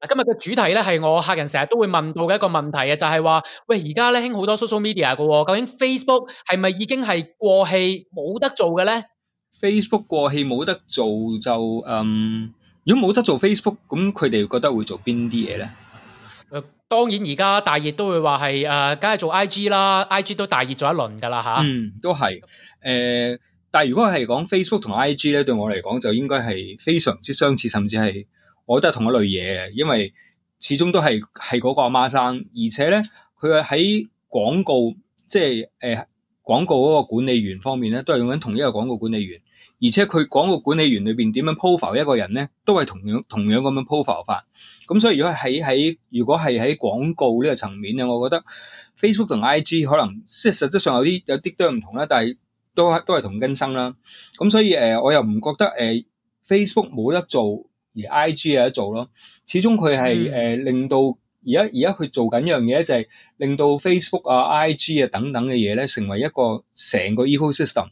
今日嘅主題咧，係我客人成日都會問到嘅一個問題啊，就係話喂，而家咧興好多 social media 噶，究竟 Facebook 係咪已經係過氣冇得做嘅咧？Facebook 過氣冇得做就嗯，如果冇得做 Facebook，咁佢哋覺得會做邊啲嘢咧？誒、呃，當然而家大熱都會話係誒，梗、呃、係做 IG 啦，IG 都大熱咗一輪噶啦吓。嗯，都係誒、呃，但係如果係講 Facebook 同 IG 咧，對我嚟講就應該係非常之相似，甚至係。我都係同一類嘢嘅，因為始終都係係嗰個阿媽生，而且咧佢係喺廣告即係誒廣告嗰個管理員方面咧，都係用緊同一個廣告管理員，而且佢廣告管理員裏邊點樣 profile 一個人咧，都係同樣同樣咁樣 profile 法。咁所以如果喺喺如果係喺廣告個層呢個層面咧，我覺得 Facebook 同 IG 可能即係實質上有啲有啲都有唔同啦，但係都係都係同根生啦。咁所以誒、呃、我又唔覺得誒、呃、Facebook 冇得做。而 I G 有得做咯，始終佢係誒令到而家而家佢做緊一樣嘢，就係令到 Facebook 啊、I G 啊等等嘅嘢咧，成為一個成個 ecosystem。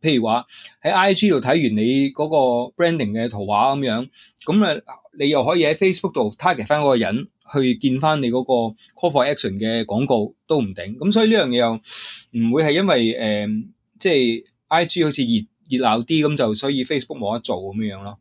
譬如話喺 I G 度睇完你嗰個 branding 嘅圖畫咁樣，咁你又可以喺 Facebook 度 target 翻嗰個人去見翻你嗰個 call for action 嘅廣告都唔定。咁所以呢樣嘢又唔會係因為誒即係 I G 好似熱熱鬧啲咁，就就所以 Facebook 冇得做咁樣咯。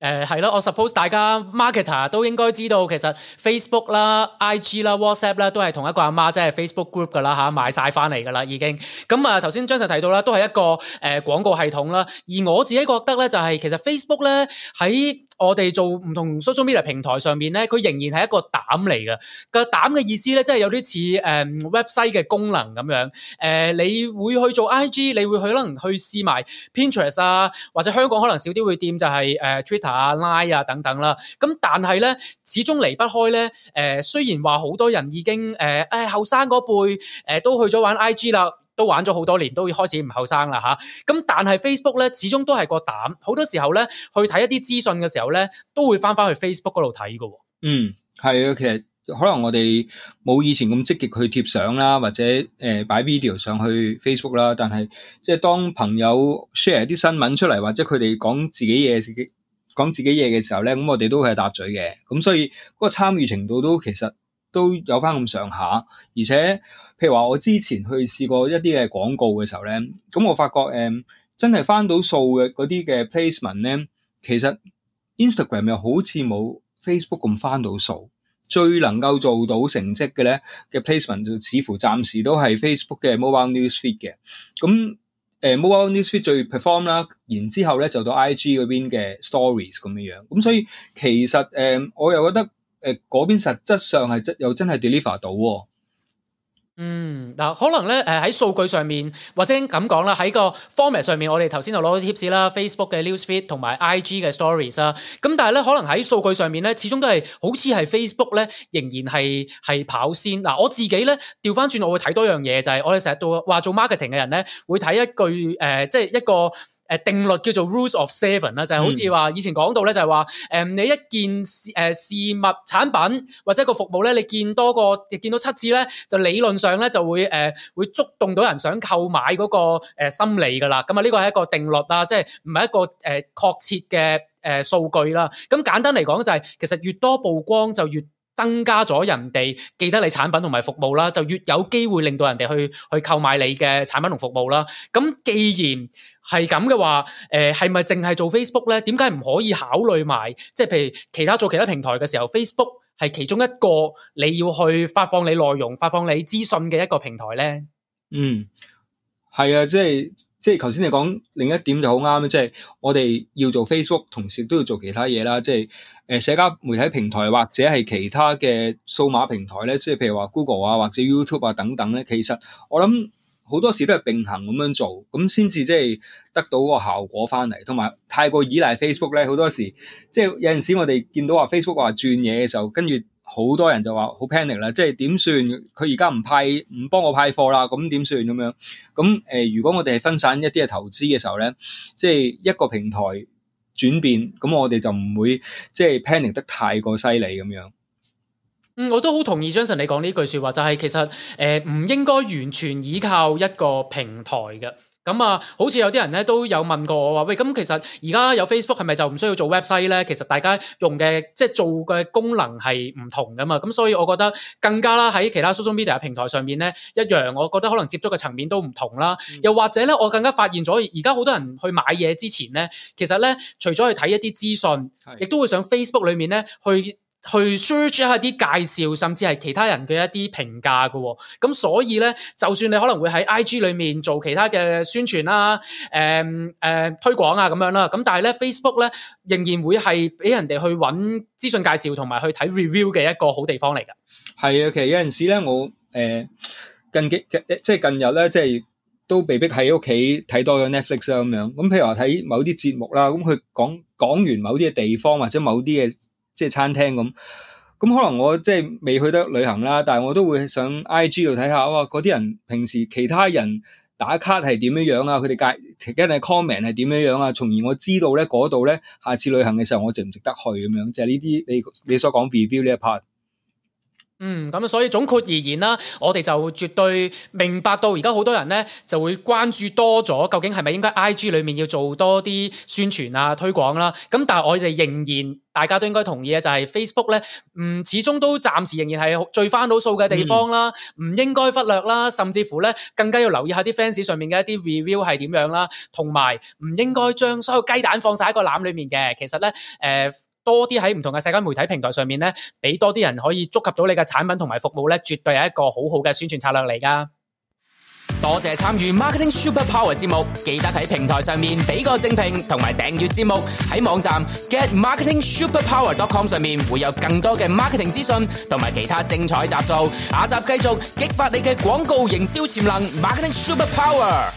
誒、呃，係咯，我 suppose 大家 marketer 都應該知道，其實 Facebook 啦、IG 啦、WhatsApp 啦，都係同一個阿媽，媽，即係 Facebook group 噶啦吓。啊、買晒翻嚟噶啦已經。咁啊，頭先張 Sir 提到啦，都係一個誒、呃、廣告系統啦。而我自己覺得咧，就係、是、其實 Facebook 咧喺。我哋做唔同 social media 平台上面咧，佢仍然係一個膽嚟嘅。個膽嘅意思咧，即係有啲似誒 website 嘅功能咁樣。誒、呃，你會去做 IG，你會去可能去試埋 Pinterest 啊，或者香港可能少啲會掂就係、是、誒、呃、Twitter 啊、Line 啊等等啦。咁但係咧，始終離不開咧。誒、呃，雖然話好多人已經誒，誒後生嗰輩誒、呃、都去咗玩 IG 啦。都玩咗好多年，都開始唔後生啦吓，咁但係 Facebook 咧，始終都係個膽。好多時候咧，去睇一啲資訊嘅時候咧，都會翻翻去 Facebook 嗰度睇嘅。嗯，係啊，其實可能我哋冇以前咁積極去貼相啦，或者呃、擺 video 上去 Facebook 啦。但係即係當朋友 share 啲新聞出嚟，或者佢哋講自己嘢，講自己嘢嘅時候咧，咁我哋都係搭嘴嘅。咁所以嗰個參與程度都其實。都有翻咁上下，而且譬如話我之前去試過一啲嘅廣告嘅時候咧，咁我發覺誒、呃，真係翻到數嘅嗰啲嘅 placement 咧，其實 Instagram 又好似冇 Facebook 咁翻到數，最能夠做到成績嘅咧嘅 placement 就似乎暫時都係 Facebook 嘅 mobile news feed 嘅，咁誒 mobile news feed 最 perform 啦，然之後咧就到 IG 嗰邊嘅 stories 咁樣樣，咁所以其實誒、呃、我又覺得。誒、呃，嗰邊實質上係真，又真係 deliver 到、哦。嗯，嗱、啊，可能咧，誒喺數據上面或者咁講啦，喺個 format 上面，我哋頭先就攞啲 tips 啦，Facebook 嘅 news feed 同埋 IG 嘅 stories 啦、啊。咁、啊、但係咧，可能喺數據上面咧，始終都係好似係 Facebook 咧，仍然係係跑先。嗱、啊，我自己咧調翻轉，我會睇多樣嘢，就係、是、我哋成日都話做 marketing 嘅人咧，會睇一句，誒、呃，即、就、係、是、一個。誒、呃、定律叫做 Rules of Seven 啦，就係好似話以前講到咧，就係話誒你一件事、呃、事物產品或者一個服務咧，你見多個你見到七次咧，就理論上咧就會誒、呃、會觸動到人想購買嗰、那個、呃、心理噶啦。咁啊，呢個係一個定律啦，即係唔係一個誒、呃、確切嘅誒、呃、數據啦。咁簡單嚟講就係、是、其實越多曝光就越增加咗人哋記得你產品同埋服務啦，就越有機會令到人哋去去購買你嘅產品同服務啦。咁既然係咁嘅話，誒係咪淨係做 Facebook 咧？點解唔可以考慮埋即係譬如其他做其他平台嘅時候，Facebook 係其中一個你要去發放你內容、發放你資訊嘅一個平台咧？嗯，係啊，即係。即係頭先你講另一點就好啱，即係我哋要做 Facebook，同時都要做其他嘢啦。即係誒，社交媒體平台或者係其他嘅數碼平台咧，即係譬如話 Google 啊，或者 YouTube 啊等等咧。其實我諗好多時都係並行咁樣做，咁先至即係得到個效果翻嚟。同埋太過依賴 Facebook 咧，好多時即係有陣時我哋見到話 Facebook 話轉嘢嘅時候，跟住。好多人就話好 panic 啦，即係點算？佢而家唔派唔幫我派貨啦，咁點算咁樣，咁誒、呃、如果我哋係分散一啲嘅投資嘅時候咧，即係一個平台轉變，咁我哋就唔會即係 panic 得太過犀利咁樣。嗯、我都好同意張臣你講呢句説話，就係、是、其實誒唔、呃、應該完全依靠一個平台嘅。咁啊，好似有啲人咧都有問過我話：喂，咁其實而家有 Facebook 係咪就唔需要做 website 咧？其實大家用嘅即係做嘅功能係唔同噶嘛。咁所以我覺得更加啦，喺其他 social media 平台上面咧一樣，我覺得可能接觸嘅層面都唔同啦、嗯。又或者咧，我更加發現咗而家好多人去買嘢之前咧，其實咧除咗去睇一啲資訊，亦都會上 Facebook 裏面咧去，去 search 一下啲介紹，甚至係其他人嘅一啲評價嘅，咁所以咧，就算你可能會喺 IG 裏面做其他嘅宣傳啦、啊，誒、嗯、誒、嗯、推廣啊咁樣啦，咁但係咧 Facebook 咧仍然會係俾人哋去揾資訊介紹，同埋去睇 review 嘅一個好地方嚟㗎。係啊，其實有陣時咧，我、呃、誒近幾即係近日咧，即係都被逼喺屋企睇多咗 Netflix 啊咁樣。咁譬如話睇某啲節目啦，咁佢講講完某啲嘅地方或者某啲嘅。即係餐廳咁，咁可能我即係未去得旅行啦，但係我都會上 I G 度睇下，哇，嗰啲人平時其他人打卡係點樣樣啊？佢哋介，梗係 comment 係點樣樣啊？從而我知道咧嗰度咧，下次旅行嘅時候我值唔值得去咁樣，就係呢啲你你所講 review 呢一 part。嗯，咁所以總括而言啦，我哋就絕對明白到而家好多人呢就會關注多咗，究竟係咪應該 IG 裏面要做多啲宣傳啊、推廣啦、啊？咁但係我哋仍然大家都應該同意嘅就係、是、Facebook 呢嗯，始終都暫時仍然係最翻到數嘅地方啦，唔、嗯、應該忽略啦，甚至乎呢更加要留意下啲 fans 上面嘅一啲 review 係點樣啦，同埋唔應該將所有雞蛋放晒喺個籃裏面嘅。其實呢。呃多啲喺唔同嘅社交媒體平台上面咧，俾多啲人可以觸及到你嘅產品同埋服務咧，絕對係一個好好嘅宣傳策略嚟噶。多謝參與 Marketing Superpower 節目，記得喺平台上面俾個正評同埋訂閱節目。喺網站 getmarketingsuperpower.com 上面會有更多嘅 marketing 資訊同埋其他精彩集數。下集繼續激發你嘅廣告營銷潛能，Marketing Superpower。